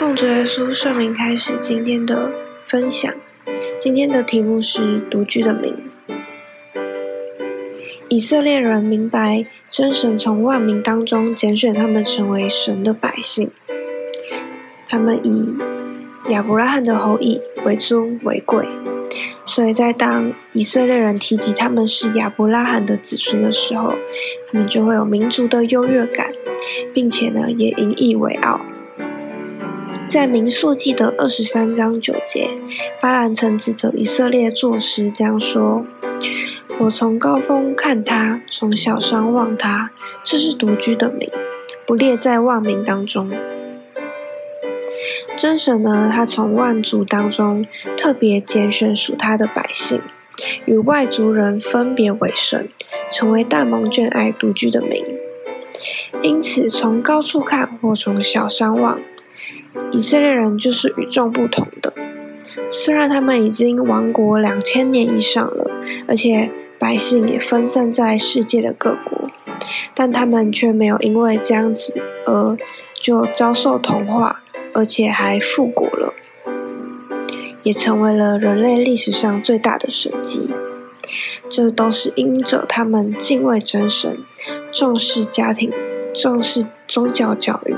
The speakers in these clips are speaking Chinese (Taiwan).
奉主耶穌聖名，開始今天的分享。今天的題目是“獨居的民”。以色列人明白真神從萬民當中揀選他們成為神的百姓，他們以亞伯拉罕的後裔為尊為貴。所以在當以色列人提及他們是亞伯拉罕的子孫的時候，他們就會有民族的優越感，並且呢，也引以為傲。在《民數記》的二十三章九節，巴蘭曾指着以色列作詩這樣說：“我從高峰看他，從小山望他，這是獨居的民，不列在萬民當中。真神呢，他從萬族當中特別揀選屬他的百姓，與外族人分別為聖，成為大蒙眷愛獨居的民。因此，從高處看或從小山望。”以色列人就是與眾不同的，雖然他們已經亡國兩千年以上了，而且百姓也分散在世界的各國，但他們卻沒有因為這樣子而就遭受同化，而且還復國了，也成為了人類歷史上最大的神蹟。這都是因着他們敬畏真神，重視家庭，重視宗教教育。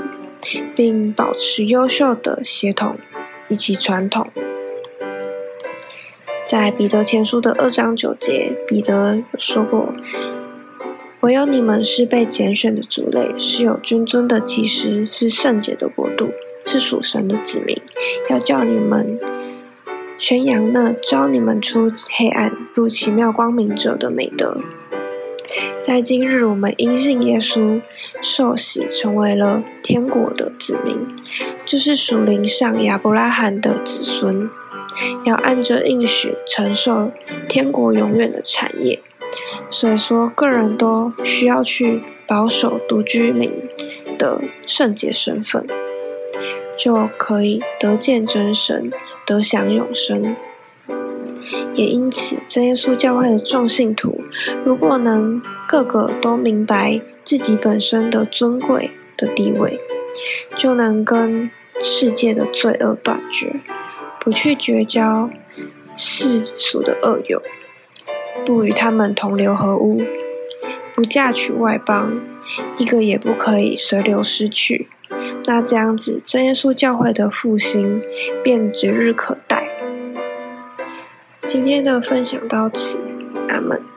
並保持優秀的協同，以及傳統。在彼得前書的二章九節，彼得有說過：“唯有你們是被揀選的族類，是有君尊的祭司，是聖潔的國度，是屬神的子民，要叫你們宣揚那召你們出黑暗入奇妙光明者的美德。”在今日，我們因信耶穌受洗，成為了天國的子民，就是屬靈上亞伯拉罕的子孫，要按着應許承受天國永遠的產業。所以說，個人都需要去保守獨居民的聖潔身份，就可以得見真神，得享永生。也因此，真耶穌教會的眾信徒，如果能個個都明白自己本身的尊貴的地位，就能跟世界的罪惡斷絕，不去結交世俗的惡友，不與他們同流合污，不嫁娶外邦，一個也不可以隨流失去。那這樣子，真耶穌教會的復興便指日可待。今天的分享到此，阿門。